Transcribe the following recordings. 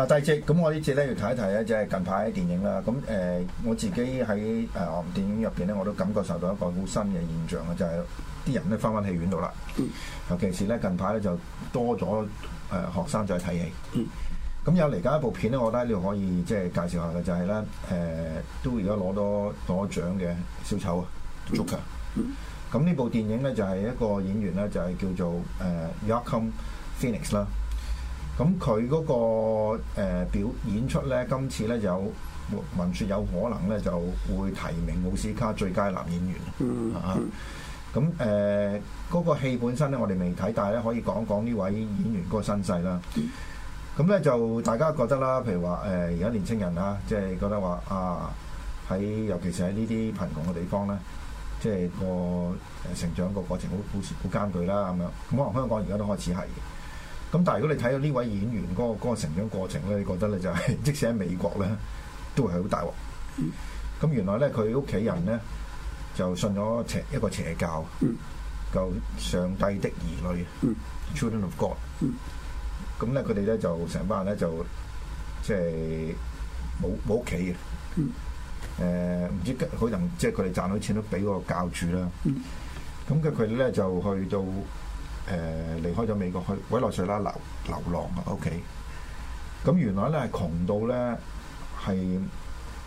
啊！第隻咁我呢次咧要睇一睇咧，就係近排電影啦。咁誒、呃，我自己喺誒、呃、電影入邊咧，我都感覺受到一個好新嘅現象啊，就係、是、啲人咧翻翻戲院度啦。尤其是咧近排咧就多咗誒、呃、學生仔睇戲。咁有嚟緊一部片咧，我覺得你可以即係介紹下嘅就係咧誒，都而家攞多攞獎嘅小丑啊，Joker。咁呢部電影咧就係、是、一個演員咧就係、是、叫做誒、呃、Joaquin Phoenix 啦。咁佢嗰個表演出咧，今次咧有聞説有可能咧就會提名奧斯卡最佳男演員。咁誒嗰個戲本身咧，我哋未睇，但係咧可以講講呢位演員嗰個身世啦。咁咧、mm hmm。就大家覺得啦，譬如話誒，而家年青人啦，即係覺得話啊，喺尤其是喺呢啲貧窮嘅地方咧，即係個成長個過程好好好艱巨啦，咁樣。咁可能香港而家都開始係。咁但係如果你睇到呢位演員嗰個嗰個成長過程咧，你覺得咧就係、是、即使喺美國咧都係好大鑊。咁原來咧佢屋企人咧就信咗邪一個邪教，就上帝的兒女 （Children of God）。咁咧佢哋咧就成班人咧就即係冇冇屋企嘅。誒唔、呃、知可能即係佢哋賺到錢都俾個教主啦。咁嘅佢哋咧就去到。誒，離、呃、開咗美國去委內瑞拉，流流浪啊！屋企，咁原來咧係窮到咧係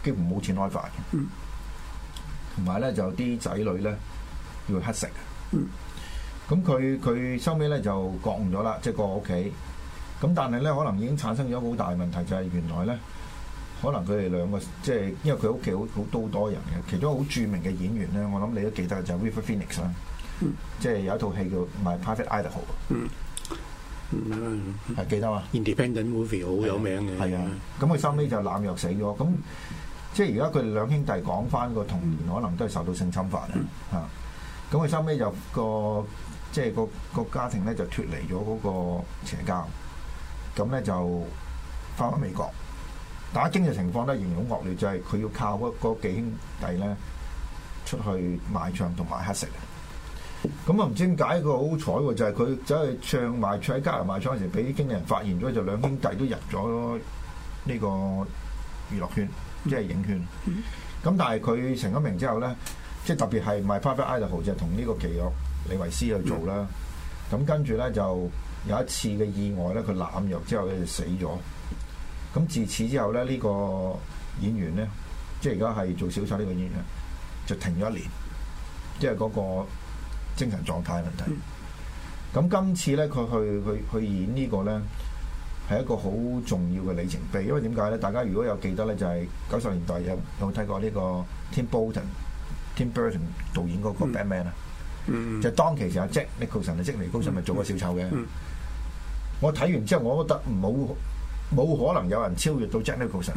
幾乎冇錢開飯嘅，同埋咧就啲仔女咧要乞食。咁佢佢收尾咧就降咗啦，即、就、係、是、過我屋企。咁但係咧可能已經產生咗好大問題，就係、是、原來咧可能佢哋兩個即係、就是、因為佢屋企好好多很多人嘅，其中一個好著名嘅演員咧，我諗你都記得就係 River Phoenix 啦。嗯、即係有一套戲叫 Perfect Idaho,、嗯《唔係 Perfect Idol》，係記得嘛？Independent movie 好有名嘅，係啊。咁佢收尾就濫藥死咗。咁、嗯、即係而家佢哋兩兄弟講翻個童年，嗯、可能都係受到性侵犯、嗯、啊。咁佢收尾就個即係、就是、個個，個家庭咧就脫離咗嗰個邪教，咁咧就翻返美國。打經濟情況咧，形容惡劣，就係、是、佢要靠嗰嗰幾兄弟咧出去賣唱同埋乞食。咁啊，唔知點解佢好彩喎，就係佢走去唱埋唱喺加拿大賣唱嘅時候，俾啲經理人發現咗，就兩兄弟都入咗呢個娛樂圈，即係影圈。咁但係佢成咗名之後咧，即係特別係賣《Private Idaho》就同呢個奇洛李維斯去做啦。咁跟住咧就有一次嘅意外咧，佢濫藥之後佢就死咗。咁自此之後咧，呢個演員咧，即係而家係做小丑呢個演員，就停咗一年，即係嗰個。精神狀態問題。咁今次咧，佢去去去演個呢個咧，係一個好重要嘅里程碑。因為點解咧？大家如果有記得咧，就係九十年代有有冇睇過呢個 Tim Burton、 Tim Burton 導演嗰個 Batman 啊。就當其時阿 Jack Nicholson 啊，Jack 咪、mm, mm, 做過小丑嘅。Mm, mm, 我睇完之後，我覺得冇冇可能有人超越到 Jack Nicholson。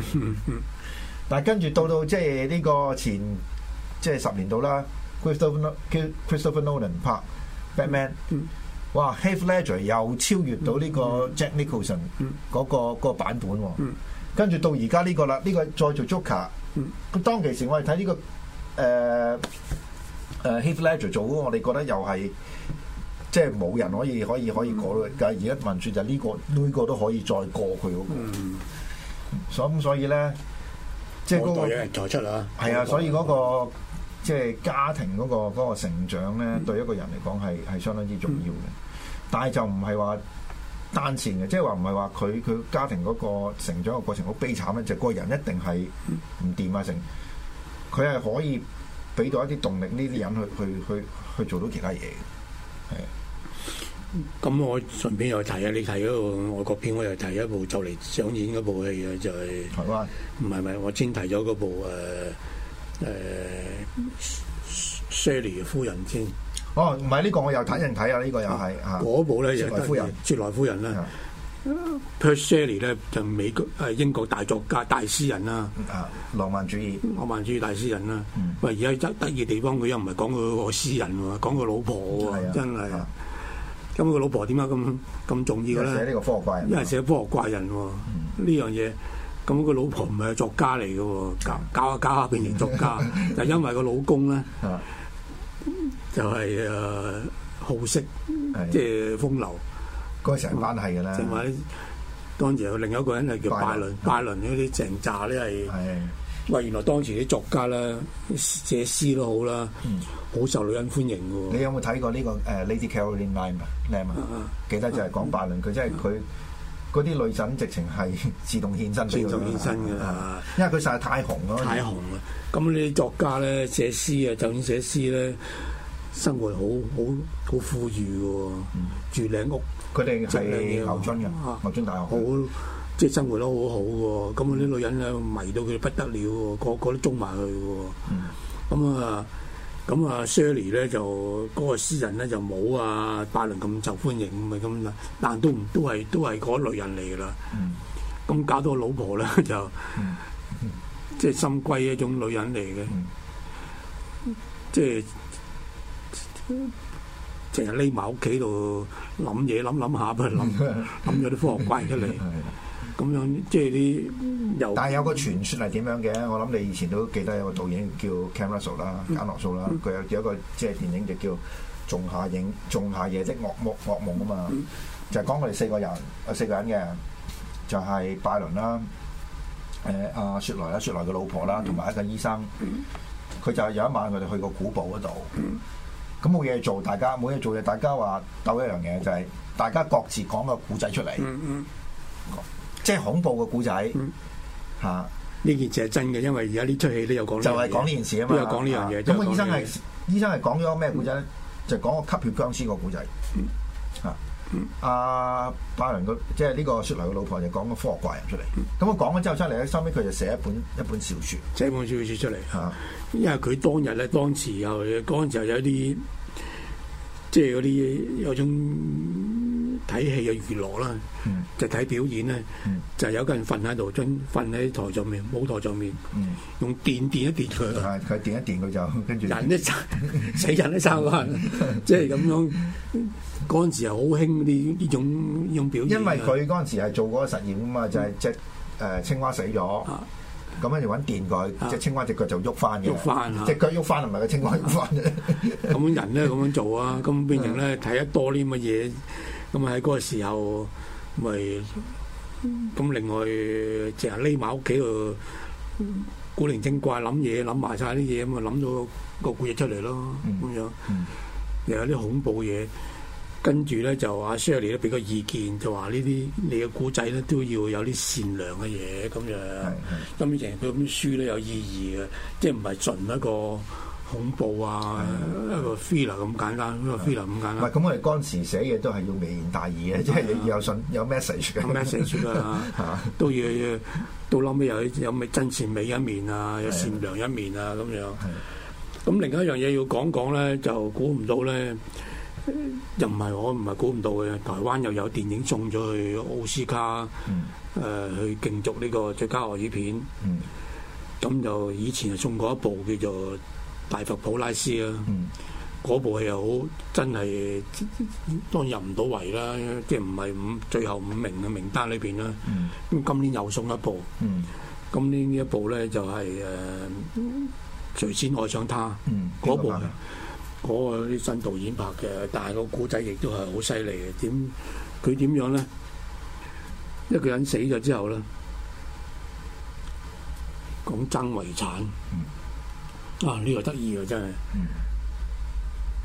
但、mm,，mm, mm, 跟住到到即係呢個前即係十年度啦。Christopher Nolan 拍 Batman，嗯、哇 Heath Ledger 又超越到呢個 Jack Nicholson 嗰、嗯、那個、那個版本、哦，跟住、嗯、到而家呢個啦，呢、這個再做 Joker，咁、嗯、當其時我哋睇呢個誒誒、呃呃、Heath Ledger 做，我哋覺得又係即係冇人可以可以可以過佢，但係而家聞說就、這、呢個呢、這個都可以再過佢、那個，咁、嗯、所以咧即係嗰個才出啊，係啊，所以呢、就是那個。即係家庭嗰、嗰個、嗰個成長咧，對一個人嚟講，係係相當之重要嘅。但係就唔係話單線嘅，即係話唔係話佢佢家庭嗰個成長嘅過程好悲慘咧，就係個人一定係唔掂啊！成佢係可以俾到一啲動力呢啲人去去去去做到其他嘢嘅。係。咁我順便又提啊，你提嗰個外國片，我又提一部就嚟上演嗰部戲嘅，就係台灣。唔係唔係，我先提咗嗰部誒。呃誒，Shelley 夫人先哦，唔係呢個我又睇人睇下呢個又係啊，嗰部咧又得夫人，雪萊夫人啦。Per Shelley 咧就美國誒英國大作家大詩人啦，啊浪漫主義，浪漫主義大詩人啦，喂而家真得意地方佢又唔係講佢個詩人喎，講佢老婆喎，真係，咁佢老婆點解咁咁重要咧？寫呢個科學怪人，因為寫科學怪人喎，呢樣嘢。咁、嗯，個老婆唔係作家嚟嘅喎，搞搞下搞下變成作家，就係、因為個老公咧， 就係誒好色， 是即係風流，嗰成關係㗎啦。正 話、那個啊，當時有另一個人係叫拜倫，拜倫呢啲成炸咧係，喂原來當時啲作家咧寫詩都好啦，好、嗯、受女人歡迎嘅喎。你有冇睇過呢、呢個誒 Lady Caroline Lamb 啊？Lamb 記得就係講拜倫，佢真係佢。嗰啲女神直情係自動獻身，自動獻身噶，對對因為佢實在太紅咯。太紅啦！咁啲、嗯、作家咧寫詩啊，就算寫詩咧，生活好好好富裕嘅喎，嗯、住靚屋，佢哋係牛津嘅，牛津大學，好，即係、就是、生活都好好嘅喎。咁啲女人咧迷到佢不得了，個個、個都中埋佢嘅喎。咁啊、嗯！嗯咁啊 Shirley 咧就嗰、那個私人咧就冇啊，拜倫咁受歡迎咁咪咁啦，但都都係都係嗰類人嚟噶啦。咁、嗯、搞到個老婆咧就、嗯、即係心機一種女人嚟嘅，即係成日匿埋屋企度諗嘢諗諗下，不如諗諗咗啲科學怪出嚟。嗯 咁樣即係啲但係有個傳說係點樣嘅？我諗你以前都記得有個導演叫 Cam Russell 啦，嗯，簡諾蘇啦，佢有、嗯、有一個即係電影就叫《仲夏影仲夏夜的惡夢惡夢》啊嘛，嗯，就係講我哋四個人啊四個人嘅，就係、是、拜倫啦，誒阿雪萊啦，雪萊嘅老婆啦，同埋、嗯、一個醫生，佢、嗯、就有一晚佢哋去個古堡嗰度，咁冇嘢做，大家冇嘢做嘅，大家話鬥一樣嘢，就係、是、大家各自講個古仔出嚟。即係恐怖嘅故仔，嚇呢件事係真嘅，因為而家呢出戲都有講，就係講呢件事啊嘛，又講呢樣嘢。咁個醫生係醫生係講咗咩故仔咧？就講個吸血僵屍個故仔，嚇。阿拜倫嘅即係呢個雪萊嘅老婆就講個科學怪人出嚟。咁佢講咗之後出嚟咧，收尾佢就寫一本一本小說，寫本小說出嚟嚇。因為佢當日咧當時又嗰陣時候有啲即係啲有種。睇戲嘅娛樂啦，就睇表演咧，就有個人瞓喺度，蹲瞓喺台上面，舞台上面，用電電一電佢，佢電一電佢就跟住人咧，死人咧生啊，即係咁樣嗰陣時係好興呢呢種呢種表演，因為佢嗰陣時係做嗰個實驗啊嘛，就係隻誒青蛙死咗，咁樣就揾電佢，隻青蛙隻腳就喐翻嘅，隻腳喐翻啊，唔係個青蛙喐翻啫。咁人咧咁樣做啊，咁變成咧睇得多啲咁嘅嘢。咁喺嗰個時候，咪咁另外成日匿埋屋企度，古靈精怪諗嘢，諗埋晒啲嘢，咁啊諗咗個古嘢出嚟咯，咁樣又有啲恐怖嘢。跟住咧就阿 Shirley 咧俾個意見，就話呢啲你嘅古仔咧都要有啲善良嘅嘢咁樣。咁成日佢本書咧有意義嘅，即係唔係純一個。恐怖啊，的一個 feel 咁簡單，的一個 feel 咁簡單。唔係咁，我哋嗰陣時寫嘢都係要微言大義嘅，即係的你有信有 message 嘅。message 啊的， 都要到諗起有有咩真善美一面啊，有善良一面啊咁樣。咁另外一樣嘢要講講咧，就估唔到咧，又唔係我唔係估唔到嘅，台灣又有電影送咗去奧斯卡，誒、嗯呃、去競逐呢個最佳外語片。咁就、嗯嗯、以前就送過一部叫做，大佛普拉斯啊，嗰、嗯、部戲又好，真係當然入唔到圍啦，即係唔係五最後五名嘅名單裏邊啦。咁、嗯、今年又送一部，嗯、今年呢一部咧就係、是、誒，誰、呃、先愛上他？嗰、嗯、部嗰個啲、那個、新導演拍嘅，但係個故仔亦都係好犀利嘅。點佢點樣咧？一個人死咗之後咧，講爭遺產。嗯啊！呢、這個得意啊，真係，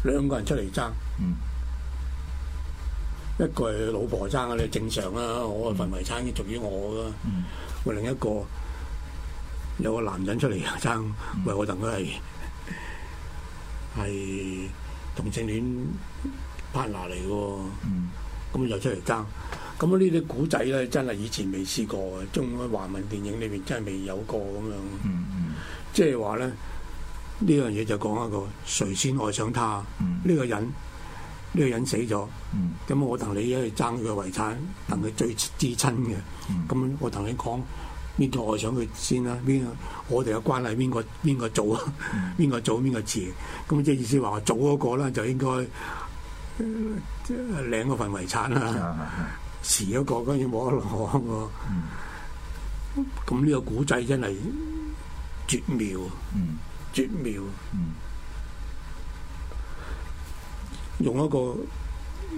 兩個人出嚟爭，嗯、一個係老婆爭嘅咧，正常啦、啊。嗯、我氛圍爭嘅屬於我噶，我、嗯、另一個有一個男人出嚟爭，喂、嗯，我同佢係係同性戀 partner 嚟嘅，咁又、嗯、出嚟爭。咁呢啲古仔咧，真係以前未試過嘅，中文華文電影裏邊真係未有過咁樣。即係話咧。嗯呢樣嘢就講一個，誰先愛上他？呢、嗯、個人呢、這個人死咗，咁、嗯、我同你一齊爭佢嘅遺產，同佢最至親嘅。咁、嗯、我同你講邊個愛上佢先啦？邊個我哋嘅關係邊個邊個早啊？邊個做？邊、嗯、個,個,個,個遲？咁即係意思話，早嗰個啦就應該、呃、領嗰份遺產啦。嗯嗯、遲嗰個當然冇得攞喎。咁 呢個古仔真係絕妙啊！嗯嗯絕妙，嗯、用一個、呃、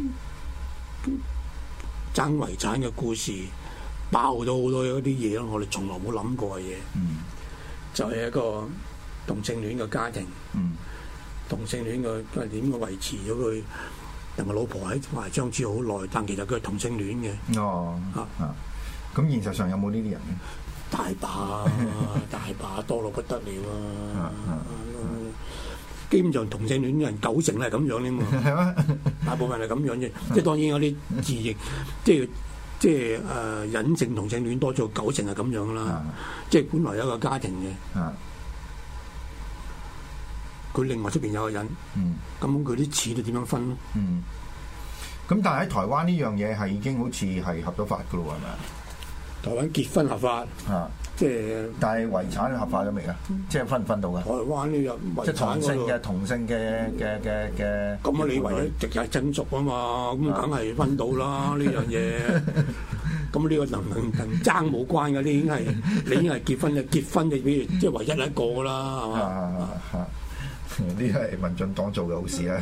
爭遺產嘅故事，爆咗好多一啲嘢咯。我哋從來冇諗過嘅嘢，嗯、就係一個同性戀嘅家庭，嗯、同性戀嘅都點樣維持咗佢同埋老婆喺埋相處好耐，但其實佢係同性戀嘅。哦，啊，咁、哦、現實上有冇呢啲人？大把大把多到不得了啊！ 基本上同性戀人九成係咁樣添嘛？ 大部分係咁樣啫， 即係當然有啲自認，即係即係誒隱性同性戀多咗，九成係咁樣啦。 即係本來有一個家庭嘅，佢 另外出邊有個人，咁佢啲錢都點樣分？咁、嗯嗯、但係喺台灣呢樣嘢係已經好似係合咗法噶咯，係咪？台灣結婚合法，啊，即係，但係遺產合法咗未啊？即係分唔分到噶？台灣呢個遺產性嘅同性嘅嘅嘅嘅，咁啊你唯一直系親屬啊嘛，咁梗係分到啦呢樣嘢。咁呢個同同爭冇關嘅，你已經係你已經係結婚嘅，結婚嘅比如即係唯一一個啦，係嘛？啊啊！呢係民進黨做嘅好事啦。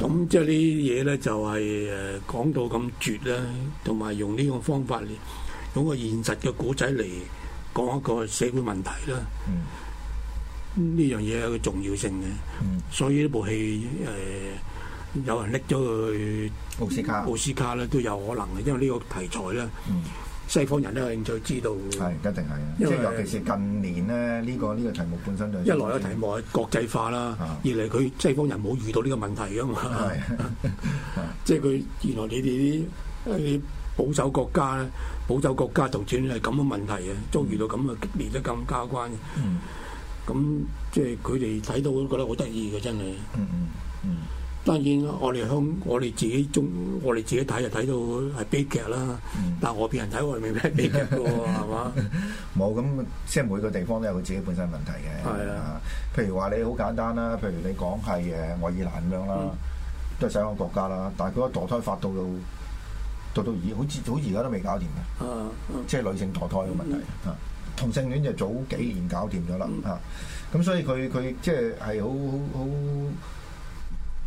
咁即係呢啲嘢咧，就係、是、誒、呃、講到咁絕啦，同埋用呢個方法，用個現實嘅古仔嚟講一個社會問題啦。嗯，呢樣嘢係一個重要性嘅。嗯、所以呢部戲誒、呃、有人拎咗去奧斯卡，嗯、奧斯卡咧都有可能嘅，因為呢個題材咧。嗯。西方人都有興趣知道，係，一定係。因為尤其是近年咧，呢個呢個題目本身就一來個題目係國際化啦，二嚟佢西方人冇遇到呢個問題噶嘛。係，即係佢原來你哋啲啲保守國家咧，保守國家頭先係咁嘅問題啊，遭遇到咁嘅激烈得咁加關。嗯。咁即係佢哋睇到都覺得好得意嘅，真係。嗯嗯嗯。當然我，我哋香，我哋自己中，我哋自己睇就睇到係悲劇啦。但係我別人睇，我哋未必係悲劇喎，係嘛？冇咁，即係每個地方都有佢自己本身問題嘅。係啊，譬如話你好簡單啦，譬如你講係誒愛爾蘭咁樣啦、啊，嗯、都係西方國家啦，但係佢個墮胎法到到到到而好似好而家都未搞掂嘅。即係、啊、女性墮胎嘅問題。同性戀就早幾年搞掂咗啦。嗯、啊，咁所以佢佢即係係好好好。好好好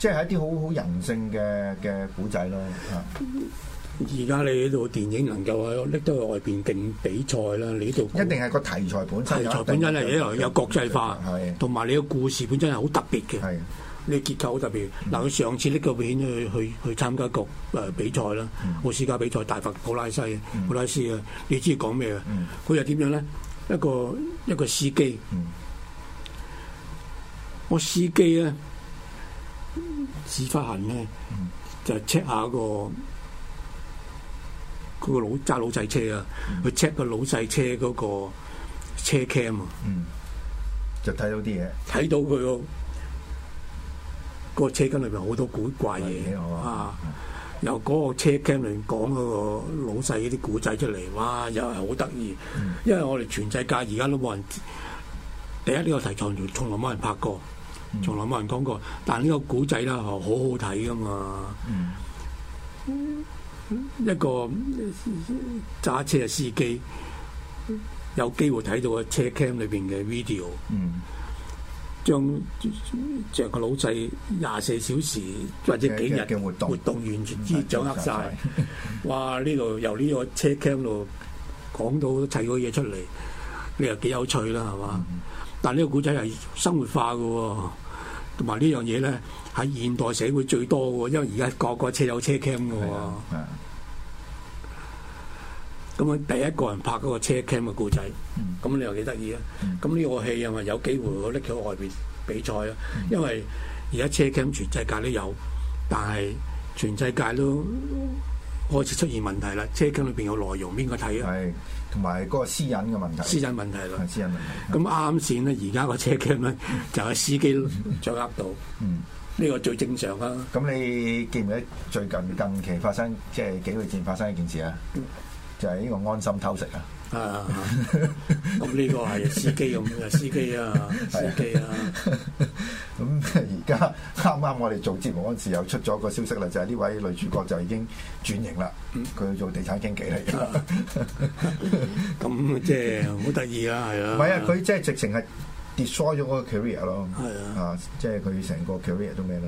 即係一啲好好人性嘅嘅故仔咯。而家你呢度電影能夠拎到去外邊競比賽啦，你呢度一定係個題材本，題材本身係有國際化，同埋你嘅故事本身係好特別嘅。你結構好特別。嗱，佢上次拎個片去去去參加個誒比賽啦，奧斯卡比賽大佛普拉西普拉斯啊，你知講咩啊？佢又點樣咧？一個一個司機，我司機咧。史發行咧，就 check 下個，個嗰老揸老細車啊，去 check 個老細車個車 cam 啊，就睇到啲嘢。睇到佢個嗰個車間裏邊好多古怪嘢的啊！嗯、由個車 cam 裏邊講嗰老細啲古仔出嚟，哇！又係好得意。嗯、因為我哋全世界而家都冇人，第一呢、這個題材就從來冇人拍過。從來冇人講過，但呢個古仔啦，好好睇噶嘛。嗯，一個揸車嘅司機有機會睇到個車 cam 裏邊嘅 video，嗯，將著個老細廿四小時或者幾日活動、嗯、日活動完全之掌握曬。哇！呢度由呢個車 cam 度講到砌個嘢出嚟，你又幾有趣啦，係嘛？嗯、但呢個古仔係生活化嘅喎、啊。同埋呢樣嘢咧，喺現代社會最多嘅，因為而家個個車有車 cam 嘅喎。咁啊， 第一個人拍嗰個車 cam 嘅故仔，咁、嗯、你又幾得意啊？咁呢、嗯、個戲啊，有機會拎搦去外邊比賽啊！嗯、因為而家車 cam 全世界都有，但係全世界都開始出現問題啦。車 cam 裏邊有內容，邊個睇啊？係。同埋嗰個私隱嘅問題，私隱問題咯，私隱問題。咁啱線咧，而家個車 cam 咧就係、是、司機掌握到，呢、嗯、個最正常啦、啊。咁你記唔記得最近近期發生即係、就是、幾個月前發生一件事啊？就係、是、呢個安心偷食啊！啊，咁呢個係司機用嘅，司機啊，司機啊。是啊 家啱啱我哋做節目嗰陣時，又出咗個消息啦，就係呢位女主角就已經轉型啦，佢做地產經紀嚟嘅。咁即係好得意啊，係啊，啊！唔係啊，佢即係直情係 destroy 咗個 career 咯。係是啊，啊，即係佢成個 career 都咩啦？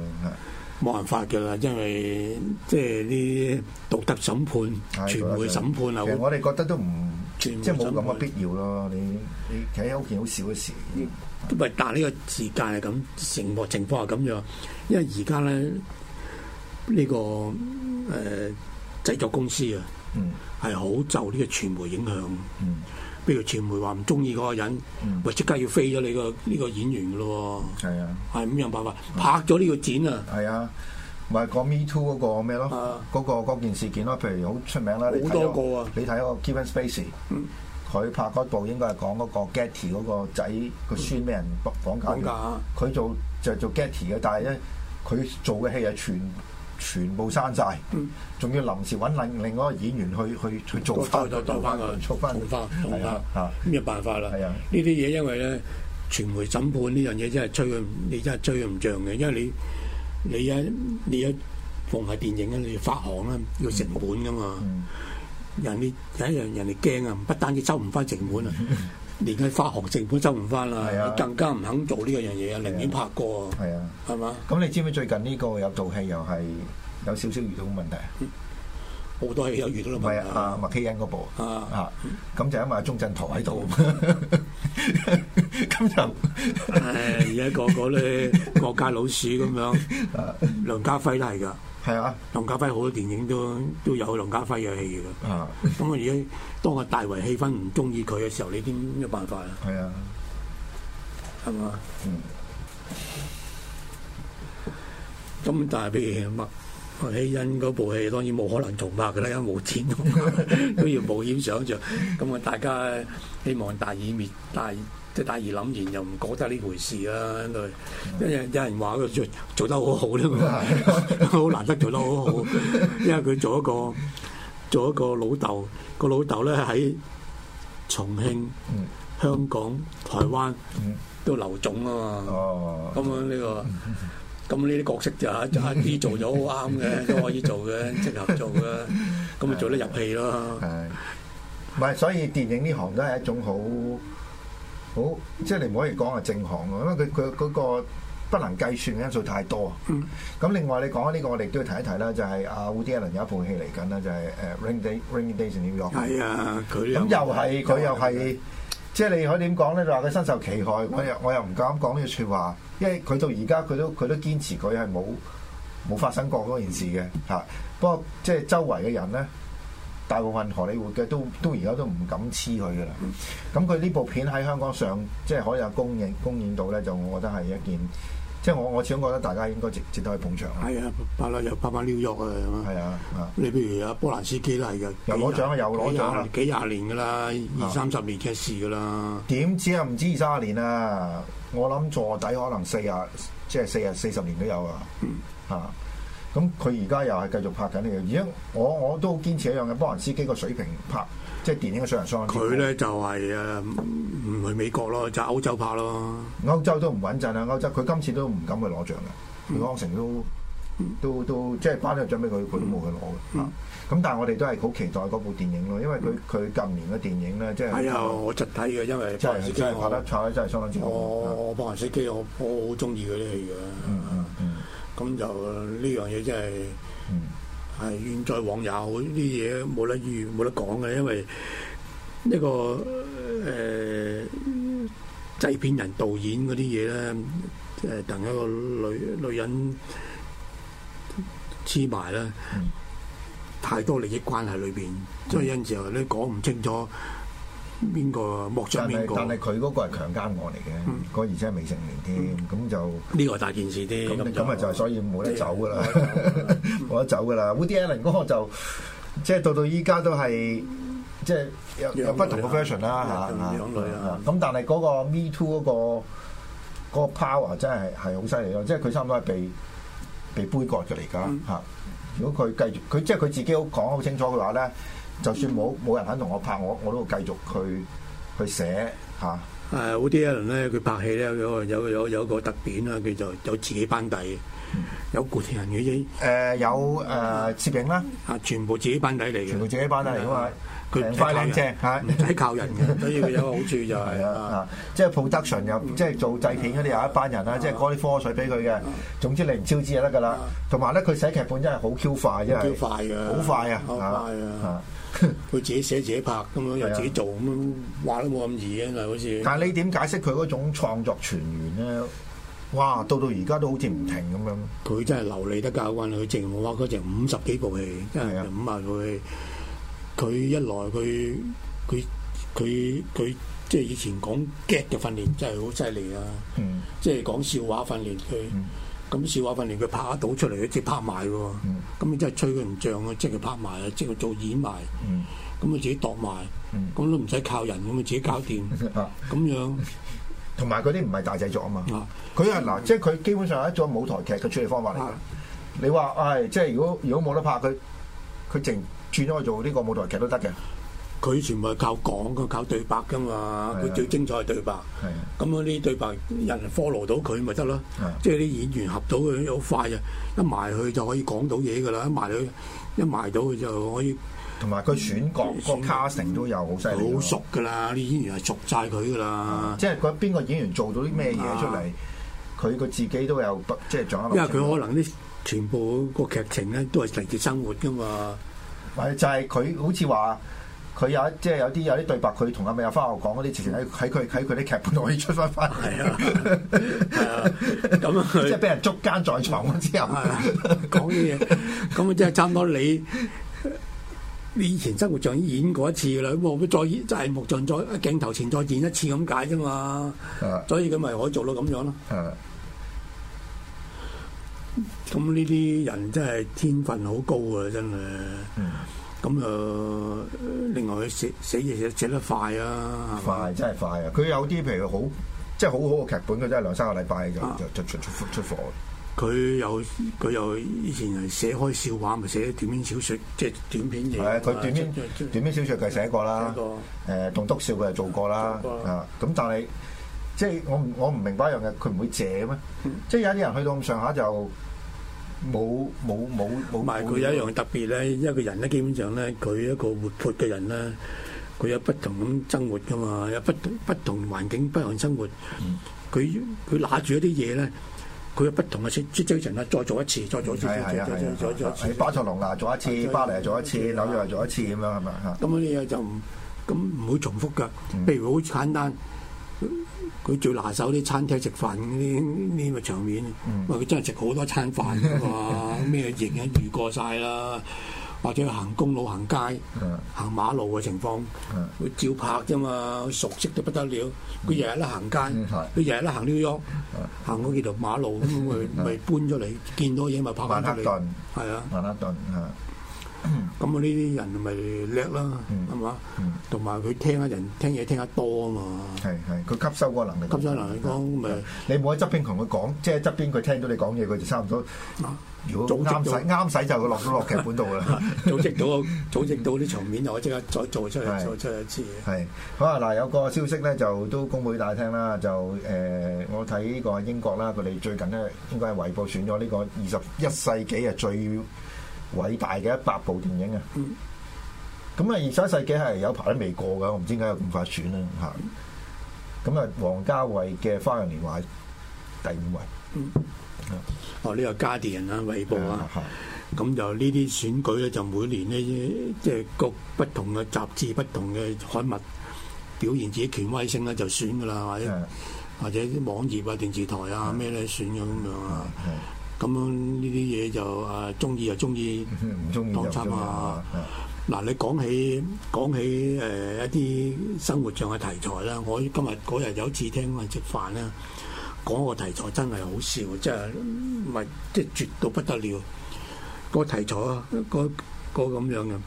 冇辦法㗎啦，因為即係啲獨特審判、傳媒是、啊、審判啊很，其實我哋覺得都唔～即係冇咁嘅必要咯。你你企喺屋企好少嘅事，都唔係。但係呢個時間係咁，成個情況係咁樣。因為而家咧呢、呢個誒、呃、製作公司啊，係好、嗯、受呢個傳媒影響。嗯，比如傳媒話唔中意嗰個人，嗯，咪即刻要飛咗你個呢、呢個演員嘅咯。係啊，係咁樣辦法拍咗呢個展啊。係啊。唔係講嗰個 Me Too 嗰個咩咯？嗰個件事件咯，譬如好出名啦。好多個啊！你睇個 Kevin Spacey 佢拍嗰部應該係講嗰個 Getty 嗰個仔個孫俾人綁架，佢做就做 Getty 嘅，但係咧佢做嘅戲係全全部刪晒，仲要臨時揾另另外一個演員去去去做翻，做翻佢翻，做翻佢翻，冇得嚇辦法啦？係啊！呢啲嘢因為咧，傳媒審判呢樣嘢真係追，你真係追唔像嘅，因為你。你一、啊、你一放喺電影咧、啊，你發行、啊，咧要成本噶、啊、嘛、嗯嗯？人哋有一樣人哋驚啊，不單止收唔翻成本啊， 連佢發行成本收唔翻啦，啊、你更加唔肯做呢樣嘢啊，啊寧願拍過啊，係嘛、啊？咁吧你知唔知最近呢個有套戲又係有少少遇到問題、啊？嗯。好多戲有遇到，嘛，唔係啊，麥基恩嗰部啊，啊，咁、啊啊、就因為鍾鎮濤喺度，咁 就而家、哎、個個咧國家老鼠咁樣， 梁家輝都係噶，係啊嗎，梁家輝好多電影都有都有梁家輝嘅戲噶，嗎啊，咁啊而家當阿大圍氣氛唔中意佢嘅時候，你點有辦法啊？係啊嗎，係嘛，嗯，咁但係譬如麥。因為希欣》嗰部戲當然冇可能重拍嘅啦，冇錢都，都要冒險想像。咁啊，大家希望大耳滅大即係、就是、大耳諗完又唔覺得呢回事啊。因為有人話佢做得好好咧，好 難得做得好好，因為佢做一個做一個老豆，個老豆咧喺重慶、香港、台灣都流種啊嘛。咁、 哦哦、樣呢、呢個。咁呢啲角色就嚇啲做咗好啱嘅，都可以做嘅，適合做嘅，咁咪做得入戲咯。係，唔係？所以電影呢行都係一種好好，即係你唔可以講係正行嘅，因為佢佢嗰個不能計算嘅因素太多。嗯。咁另外你講呢個，我哋都要提一提啦，就係阿 Woody Allen 有一部戲嚟緊啦，就係誒《Rainy Day》，《Rainy Day in New York》。係啊，佢。咁又係佢又係，即係你可以點講咧？你話佢身受其害，我又我又唔敢講呢句説話。因為佢到而家佢都佢都堅持佢係冇冇發生過嗰件事嘅嚇，不過即係周圍嘅人咧，大部分荷里活嘅都都而家都唔敢黐佢噶啦。咁佢呢部片喺香港上即係、就是、可以有公映公映到咧，就我覺得係一件。即係我，我始終覺得大家應該值值得去捧場。係啊，拍落又拍翻溜喐啊！係啊，你譬如阿波蘭斯基啦，係㗎，又攞獎又攞獎啦，幾廿年㗎啦，二三十年嘅事㗎啦。點知啊？唔知，知二三十年啊！我諗坐底可能四廿，即係四廿四十年都有、嗯、啊！嚇，咁佢而家又係繼續拍緊呢樣。而家我我都堅持一樣嘅，波蘭斯基個水平拍。即係電影嘅上人雙，佢咧就係誒唔去美國咯，就歐洲拍咯。歐洲都唔穩陣啊，歐洲佢今次都唔敢去攞獎嘅。康城都都都即係頒咗獎俾佢，佢都冇去攞嘅。咁但係我哋都係好期待嗰部電影咯，因為佢佢近年嘅電影咧，即係係啊，我實睇嘅，因為波蘭斯基拍得彩，真係相當之好。我波蘭斯基我好中意佢啲戲嘅。咁就呢樣嘢真係。係冤在往呢啲嘢冇得怨冇得講嘅因為呢個誒製片人導演嗰啲嘢咧，即係等一個女女人黐埋啦，太多利益關係裏邊，所以有陣時候你講唔清楚。邊個目咗但係佢嗰個係強姦案嚟嘅，而且係未成年添，咁就呢個大件事啲。咁咁啊就所以冇得走噶啦，冇得走噶啦。Woody Allen 嗰個就即係到到依家都係即係有不同嘅 version 啦。吓吓咁但係嗰個 Me Too 嗰個嗰個 power 真係係好犀利咯。即係佢差唔多係被被杯葛咗嚟噶吓。如果佢繼續，佢即係佢自己好講好清楚嘅話咧，就算冇冇人肯同我拍，我我都繼續去去寫嚇。誒，O. D. Allen 咧，佢拍戲咧有有有有個特點啦，佢就有自己班底，有固定人嘅啫。誒，有誒攝影啦嚇，全部自己班底嚟嘅。全部自己班底嚟啊嘛，佢快靚正嚇，唔使靠人嘅。所以佢有個好處就係啦，即係 Production 又即係做製片嗰啲有一班人啦，即係攞啲科水俾佢嘅。總之你唔超支就得噶啦。同埋咧，佢寫劇本真係好 Q 快，真係。好快嘅，好快啊嚇。佢 自己寫自己拍咁樣又自己做咁樣，話都冇咁易嘅，好似。但係你點解釋佢嗰種創作泉源咧？哇，到到而家都好似唔停咁樣。佢真係流利得教訓佢，淨我話嗰陣五十幾部戲，真係五啊部戲。佢 一來佢佢佢佢即係以前講 gag 嘅訓練真係好犀利啊！嗯、即係講笑話訓練佢。咁小話份嚟，佢拍得到出嚟，一隻拍埋喎。咁你真係吹佢唔漲啊！即係佢拍埋啊、嗯，即係佢做演埋。咁佢、嗯、自己度埋，咁、嗯、都唔使靠人，咁佢自己搞掂。咁、啊、樣，同埋嗰啲唔係大製作啊嘛。佢啊嗱，說嗯、即係佢基本上係一種舞台劇嘅處理方法嚟。啊、你話唉、哎，即係如果如果冇得拍佢，佢淨轉咗去做呢個舞台劇都得嘅。佢全部係靠講，佢靠對白㗎嘛。佢的最精彩係對白。係的。咁嗰啲對白，人，人 follow 到佢咪得咯？的即係啲演員合到佢，好快啊！一埋佢就可以講到嘢㗎啦。一埋佢一埋到佢就可以。同埋佢選角選個卡成都有好犀利。好熟㗎啦！啲演員係熟晒佢㗎啦。即係佢邊個演員做到啲咩嘢出嚟？佢佢的自己都有把握不即係因為佢可能啲全部個劇情咧都係來自生活㗎嘛。係就係佢好似話。佢有即係有啲有啲對白，佢同阿米又花學講嗰啲，直情喺佢喺佢啲劇本度可以出翻翻嚟啊。係啊，咁、嗯、 即係俾人捉奸在床之後又講啲嘢，咁啊真係差唔多你你以前生活像演過一次噶啦，咁我再演就係目盡再鏡頭前再演一次咁解啫嘛。啊、所以佢咪可以做到咁樣咯。咁呢啲人真係天分好高啊！真係。嗯咁啊，另外佢寫寫嘢寫得快啊！快，真係快啊！佢有啲譬如好即係好好嘅劇本，佢真係兩三個禮拜就就就出出出貨。佢又佢又以前係寫開笑話，咪寫短篇小説，即係短片嘢。佢短篇短篇小説佢寫過啦。寫過誒，棟篤笑佢又做過啦。咁但係即係我唔我唔明白一樣嘢，佢唔會借咩？即係有啲人去到咁上下就。冇冇冇冇。係佢問有一樣特別咧，因為個人咧基本上咧，佢一個活潑嘅人咧，佢有不同咁生活噶嘛，有不同不同環境、不，不同生活。佢佢、嗯、拿住一啲嘢咧，佢有不同嘅出出場啊！再做一次，再做一次，再做一次。巴塞隆拿做一次，巴黎又做一次，紐約又做一次咁以樣係咪啊？咁樣嘢就唔咁唔會重複噶。譬、嗯、如好簡單。佢最拿手啲餐廳食飯啲呢個場面，話佢真係食好多餐飯噶嘛，咩型啊遇過晒啦，或者行公路行街，行馬路嘅情況，佢照拍啫嘛，熟悉到不得了。佢日日都行街，佢日日都行紐約，行嗰幾條馬路咁，咪咪搬咗嚟見到嘢咪拍出嚟。係啊。曼克頓啊。嗯，咁我呢啲人咪叻啦，係嘛？同埋佢聽啊，人聽嘢聽得多啊嘛。係係，佢吸收個能力，吸收能力高咪。你冇喺側邊同佢講，即係側邊佢聽到你講嘢，佢就差唔多。如果啱使，啱使就會落咗落劇本度啦。組織到，組織到啲場面又即刻再做出嚟，做出一次。嘢。好啊！嗱，有個消息咧，就都公布俾大家聽啦。就誒，我睇呢個英國啦，佢哋最近呢應該係衛報選咗呢個二十一世紀啊最。偉大嘅一百部電影啊！咁啊二十一世紀係有排都未過噶，我唔知點解又咁快選啦嚇！咁啊，王家衞嘅《花樣年華》第五位。嗯、哦，呢個加電人啊，衞報啊，咁就呢啲選舉咧，就每年咧，即係各不同嘅雜誌、不同嘅刊物，表現自己權威性咧，就選噶啦，或者或者啲網頁啊、電視台啊咩咧選咗咁樣啊。咁樣呢啲嘢就啊中意就中意，唔中意就唔中意啊！嗱、 啊，你講起講起誒、呃、一啲生活上嘅題材啦，我今日嗰日有一次聽我食飯啦，講個題材真係好笑，真係咪即係絕到不得了？個題材啊，個、個咁樣嘅，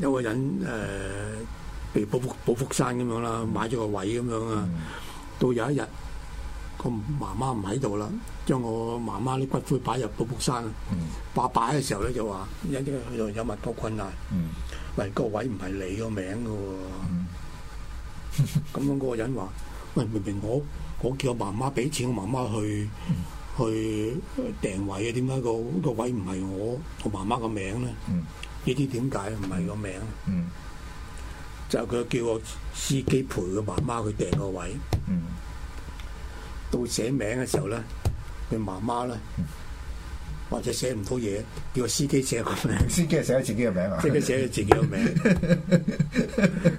有個人誒、呃，譬如寶福寶福山咁樣啦，買咗個位咁樣啊，嗯、到有一日。我媽媽唔喺度啦，將我媽媽啲骨灰擺入瀑布山。嗯，擺擺嘅時候咧就話有有有物多困難啊。嗯，喂，個位唔係你個名嘅喎。嗯，咁 樣嗰個人話，喂，明明我我叫我媽媽俾錢我媽媽、嗯我，我媽媽去去訂位啊？點解個個位唔係我我媽媽個名咧？呢啲點解唔係個名？嗯，嗯就係佢叫我司機陪個媽媽去訂個位。嗯。到寫名嘅時候咧，佢媽媽咧，或者寫唔到嘢，叫個司機寫個名。司機係寫自己嘅名啊？即刻寫佢自己嘅名。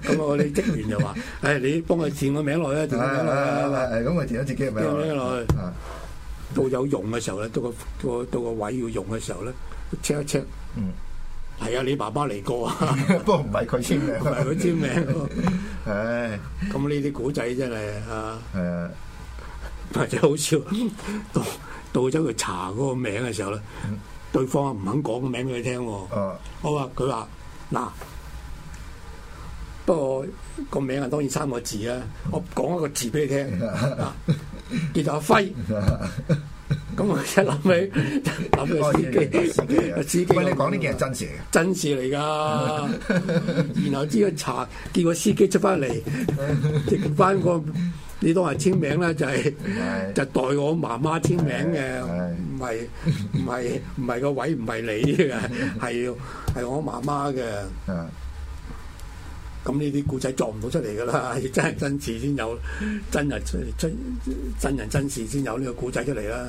咁我哋職員就話：，誒，你幫佢填個名落去，填個名落去。咁咪填咗自己嘅名落去。到有用嘅時候咧，到個到個位要用嘅時候咧，check 一 check。嗯。係啊，你爸爸嚟過啊？不過，唔係佢簽名，唔係佢簽名。唉，咁呢啲古仔真係啊。係或者好笑，到到咗去查嗰個名嘅時候咧，嗯、對方啊唔肯講個名俾佢聽。哦。啊、我話佢話嗱，不過個名啊當然三個字啦，我講一個字俾你聽，叫做阿輝。咁我一諗起諗起個司機。哦，司機。啊啊啊、你講呢件係真事？嚟，真事嚟噶。嗯、 然後知佢查，叫個司機出翻嚟，直翻個。嗯嗯你都係簽名啦，就係就代我媽媽簽名嘅，唔係唔係唔係個位唔係你嘅，係 係我媽媽嘅。咁呢啲故仔作唔到出嚟噶啦，要真真事先有真人真真真人真事先有呢個故仔出嚟啦。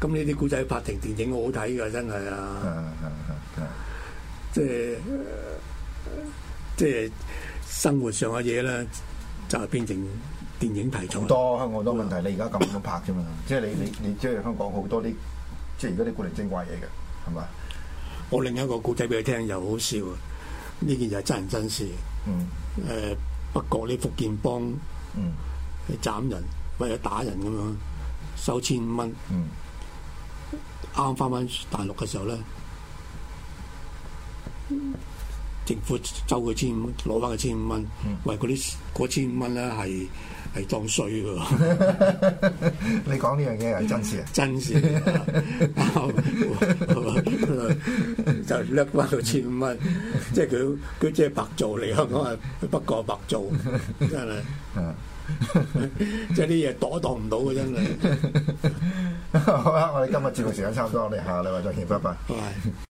咁呢啲故仔拍成電影好好睇㗎，真係啊！即係即係生活上嘅嘢咧，就係變成～電影題材多，香港好多問題。 你而家咁樣拍啫嘛， 即係你你你，即係香港好多啲，即係而家啲古靈精怪嘢嘅，係嘛？我另一個故仔俾你聽，又好笑啊！呢件就係真人真事。嗯。誒、呃，北角福建幫，嗯，斬人為咗打人咁樣，收千五蚊。嗯。啱翻翻大陸嘅時候咧，政府收佢千五蚊，攞翻佢千五蚊，為嗰啲嗰千五蚊咧係。係當衰噶，你講呢樣嘢係真事啊？真事實 就甩翻佢千五蚊，即係佢佢即係白做嚟，香港係不過白做，真係， 即係啲嘢躲都躲唔到嘅，真係。 好啦，我哋今日節目時間差唔多，我哋下個禮拜再見，拜拜。